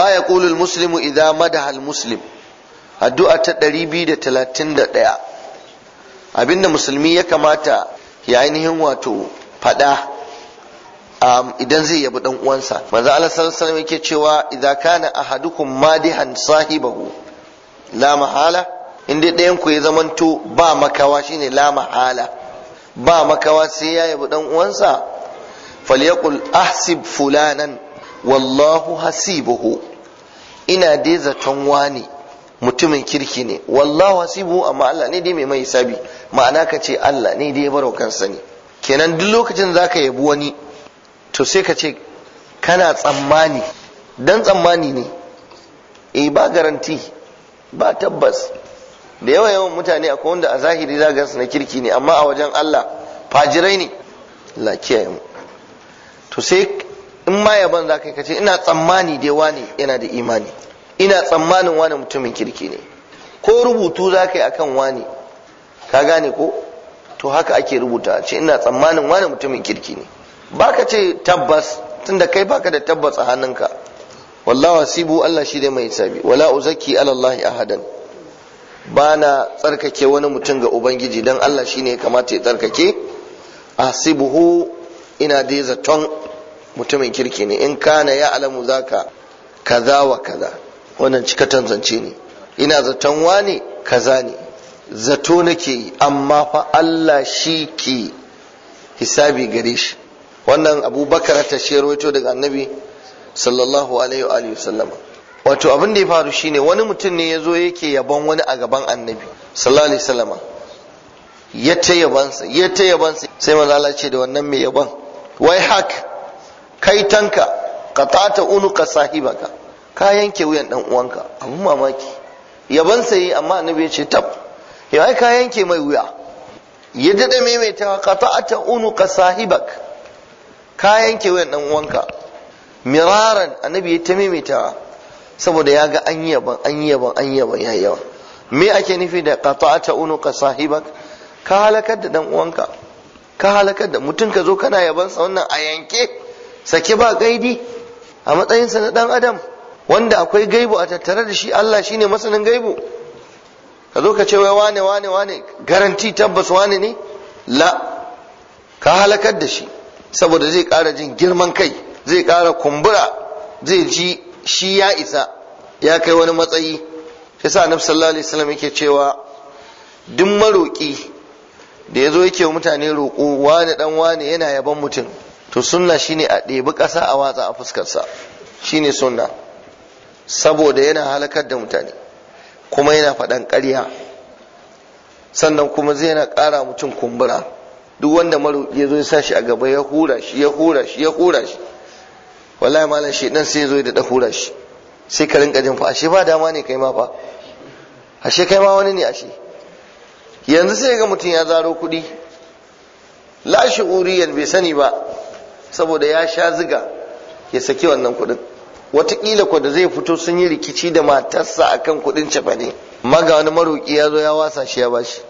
Ba ya ƙulul muslimu idan madahal muslim addu'a ta 231 abinda musulmi ya kamata ya ainihin wato fada um, idan zai yabi dan uwansa manzo Allah sallallahu alaihi yake cewa idan kana ahadukum madihan sahibahu la mahala inda ɗayan ku ya zamanto ba makawa shine la mahala ba makawa sai ya yabi dan uwansa falyaqul ahsib fulanan wallahu hasibuhu ina dai zaton wani mutumin kirki ne wallahu hasibu amma Allah ne dai mai mai sabi ma'ana ka ce Allah ne dai ya baro kansa ne kenan duk lokacin za ka yabi wani to sai ka ce kana tsammani dan tsammani ne eh ba garanti ba tabbas da yawa yawan mutane akwai wanda a zahiri za gansu na kirki ne amma a wajen Allah fajirai ne lakiya kiyaye mu to sai in ma yaban zaka yi ce ina tsammani dai wani yana da imani ina tsammanin wani mutumin kirki ne ko rubutu za ka yi akan wani ka gane ko to haka ake rubuta ce ina tsammanin wani mutumin kirki ne Baka ce tabbas tunda kai baka da tabbas a hannunka wallahu wasibu Allah shi dai mai sabi wala uzaki ala ahadan bana tsarkake wani mutum ga ubangiji dan Allah shine ya kamata ya tsarkake Asibuhu ina dai zaton mutumin kirki ne in kana ya alamu zaka kaza wa kaza wannan cikatan zance ne ina zaton wani kaza ne zato nake yi amma fa Allah shi ke hisabi gare shi wannan abubakar ta sheroto daga annabi sallallahu alaihi wa alihi sallama wato abin da ya faru shine wani mutum ne ya zo yake yabon wani a gaban annabi sallallahu alaihi sallama ya ta yabansa ya ta yabansa sai Allah ce da wannan mai yaban wai hak kai tanka qata'ta unuka sahibaka ka yanke wuyan dan uwanka abun mamaki yaban sai amma annabi ya ce tab ya ai ka yanke mai wuya ya dade maimaitawa qata'ata unuqa sahibak ka yanke wuyan dan uwanka miraran annabi ya ta maimaitawa saboda ya ga an yi yaban an yi yaban an yi yaban ya yawa me ake nufi da qata'ata unuqa sahibak ka halakar da dan uwanka ka halakar da mutum ka zo kana yabansa wannan a yanke sake ba gaidi a matsayinsa na dan adam wanda akwai gaibu a tattare da shi Allah shine masanin gaibu ka zo ka ce wai wane wane wane garanti tabbas wane ne la ka halakar da shi saboda zai ƙara jin girman kai zai ƙara kumbura zai ji shi ya isa ya kai wani matsayi shi sa annabi sallallahu alaihi wasallam yake cewa duk maroki da yazo yake wa mutane roƙo wane dan wane yana yaban mutum to sunna shine a ɗebi ƙasa a watsa a fuskarsa shine sunna saboda yana halakar da mutane kuma yana faɗan ƙarya sannan kuma zai yana ƙara mutum kumbura duk wanda maroƙi ya zo ya sashi a gaba ya hura shi ya hura shi ya hura shi wallahi malam shi dan sai ya zo ya daɗa hura shi sai ka rinka jin fa ashe ba dama ne kai ma fa ashe kai ma wani ne ashe yanzu sai ga mutum ya zaro kuɗi la uriyan bai sani ba saboda ya sha ziga ya saki wannan kuɗin watakila ko da zai fito sun yi rikici da matarsa akan kudin ne maga wani maroki ya zo ya wasa shi ya bashi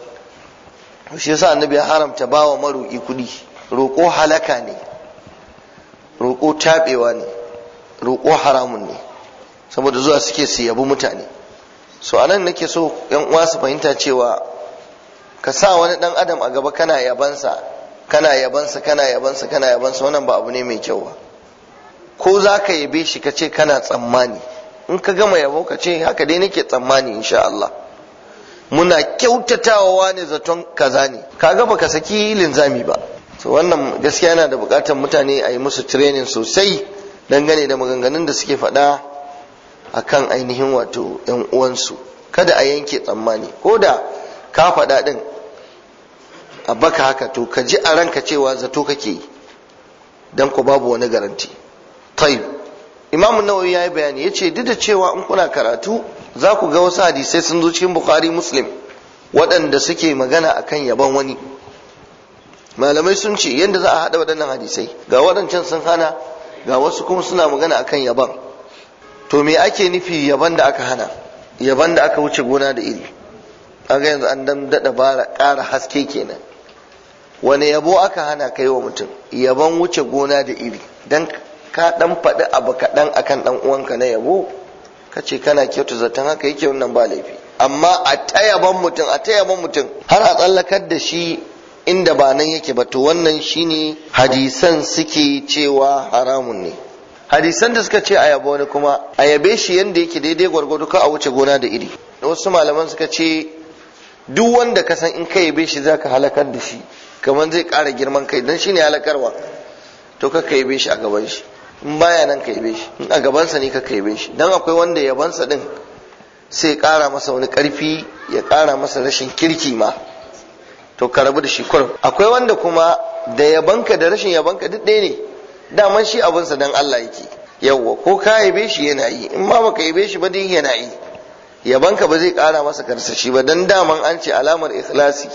shi yasa annabi ya haramta bawa maroki kudi roko halaka ne roko tabewa ne roko haramun ne saboda zuwa suke su yabi mutane so anan nake so yan uwa su fahimta cewa ka sa wani ɗan adam a gaba kana yabansa kana yabansa kana yabansa kana yabansa wannan ba abu ne mai kyau ba ko za ka yabe shi ka ce kana tsammani in ka gama yabo ka ce haka dai nake tsammani insha Allah muna kyautatawa ne zaton kaza ne kaga baka saki linzami ba to wannan gaskiya yana da bukatar mutane a yi musu training sosai dangane da maganganun da suke faɗa akan ainihin wato yan uwansu kada a yanke tsammani ko da ka faɗa ɗin a baka haka to ka ji a ranka cewa zato kake yi don ku babu wani garanti tayyib imam nawawi ya yi bayani ya ce duk da cewa in kuna karatu za ku ga wasu hadisai sun zo cikin bukhari muslim waɗanda suke magana akan yaban wani malamai sun ce yadda za a haɗa waɗannan hadisai ga waɗancan sun hana ga wasu kuma suna magana akan yaban to me ake nufi yaban da aka hana yaban da aka wuce gona da iri an ga yanzu an dan daɗa bara ƙara haske kenan wani yabo aka hana kai wa mutum yaban wuce gona da iri dan ka dan faɗi abu kaɗan akan ɗan uwanka na yabo ka ce kana kyautu zaton haka yake wannan ba laifi amma a tayaban mutum a tayaban mutum har a tsallakar da shi inda ba nan yake ba to wannan shine hadisan suke cewa haramun ne hadisan da suka ce a yabo wani kuma a yabe shi yanda yake daidai gwargwado ka a wuce gona da iri wasu malaman suka ce duk wanda ka san in ka yabe shi zaka halakar da shi kamar zai ƙara girman kai dan shine halakarwa to ka yabe shi a gaban shi in baya nan ka yabe shi in a gabansa ne ka yabe shi dan akwai wanda yabansa din sai ƙara masa wani karfi ya ƙara masa rashin kirki ma to ka rabu da shi kurum akwai wanda kuma da yabanka da rashin yabanka duk ɗaya ne daman shi abinsa dan Allah yake yawwa ko ka yabe shi yana yi in ma baka yabe shi ba dai yana yi yabanka ba zai kara masa karsashi ba dan daman an ce alamar ikhlasi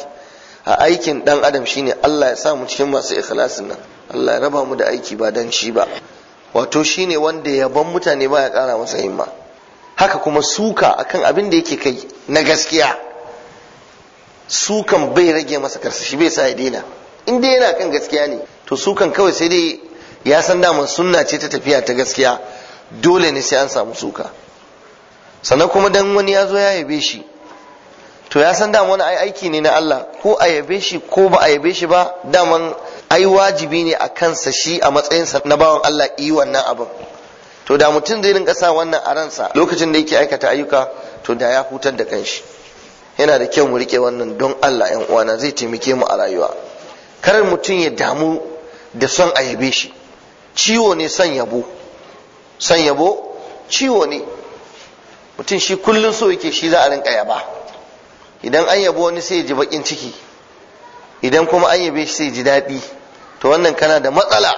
a aikin dan adam shine Allah ya sa mu cikin masu ikhlasin nan Allah ya raba mu da aiki ba dan shi ba wato shine wanda yabon mutane baya kara masa himma haka kuma suka akan abin da yake kai na gaskiya sukan bai rage masa shi bai sa ya daina in dai yana kan gaskiya ne to sukan kawai sai dai ya san daman sunna ce ta tafiya ta gaskiya dole ne sai an samu suka sannan kuma dan wani ya zo ya yabe shi to ya san daman wani aiki ne na Allah ko a yabe shi ko ba a yabe shi ba daman ai wajibi ne a kansa shi a matsayinsa na bawan Allah yi wannan abin to da mutum zai rinka sa wannan a ransa lokacin da yake aikata ayyuka to da ya hutar da kanshi yana da kyau mu rike wannan don Allah yan uwana zai taimake mu a rayuwa kar mutum ya damu da son a yabe shi ciwo ne son yabo son yabo ciwo ne mutum shi kullum so yake shi za a rinka yaba idan an yabo wani sai ya ji bakin ciki idan kuma an yabe shi sai ji daɗi to wannan kana da matsala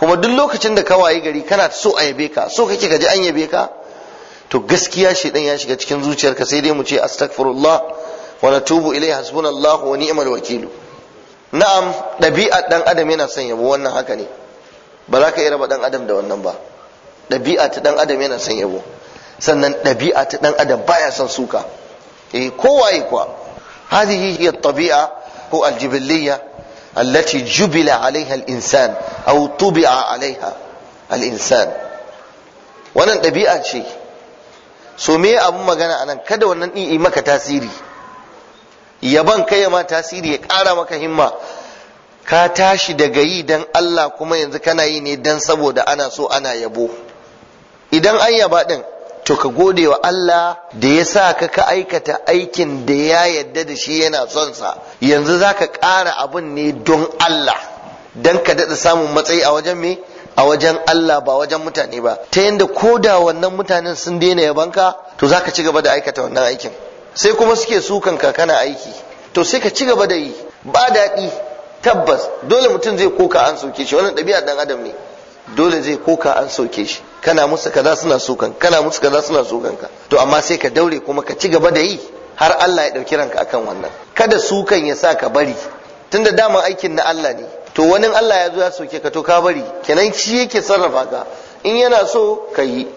kuma duk lokacin da ka waye gari kana so a yabe ka so kake gaji an yabe ka to gaskiya shedan ya shiga cikin zuciyarka sai dai mu ce astaghfirullah wa natubu ilai hasbunallah wa ni'mal wakil na'am ɗabi'ar dan adam yana son yabo wannan haka ne ba za ka iya raba dan adam da wannan ba ɗabi'a ta dan adam yana son yabo sannan ɗabi'a ta dan adam baya son suka eh kowaye kuwa هذه هي الطبيعة هو الجبلية التي جبل عليها الإنسان أو طبع عليها الإنسان wannan ɗabi'a ce so me abun magana anan kada wannan ɗin yi maka tasiri yaban kai ma tasiri ya ƙara maka himma ka tashi daga yi don Allah kuma yanzu kana yi ne don saboda ana so ana yabo idan an yaba ɗin to ka gode wa Allah da ya sa ka ka aikata aikin da ya yadda da shi yana son sa yanzu za ka ƙara abin ne don Allah don ka daɗa samun matsayi a wajen me a wajen Allah ba wajen mutane ba ta yadda ko da wannan mutanen sun daina yabanka to za ka ci gaba da aikata wannan aikin sai kuma suke sukan ka kana aiki to sai ka ci gaba da yi ba daɗi tabbas dole mutum zai koka an soke shi wannan ɗabi'a ɗan adam ne dole zai koka an soke shi kana musu kaza suna sokan kana musu kaza suna sokan ka to amma sai ka daure kuma ka ci gaba da yi har Allah ya dauki ranka akan wannan kada sukan ya sa ka bari tunda dama aikin na Allah ne to wani Allah ya zo ya soke ka to ka bari kenan shi yake sarrafa ka in yana so ka yi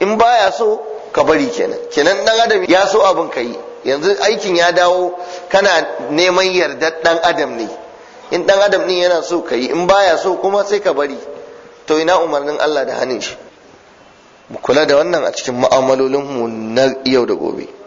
in baya so ka bari kenan kenan dan adam ya so abin ka yi yanzu aikin ya dawo kana neman yardar dan adam ne in dan adam ne yana so ka yi in baya so kuma sai ka bari to ina umarnin Allah da hannun shi mu kula da wannan a cikin mu'amalolin mu na yau da gobe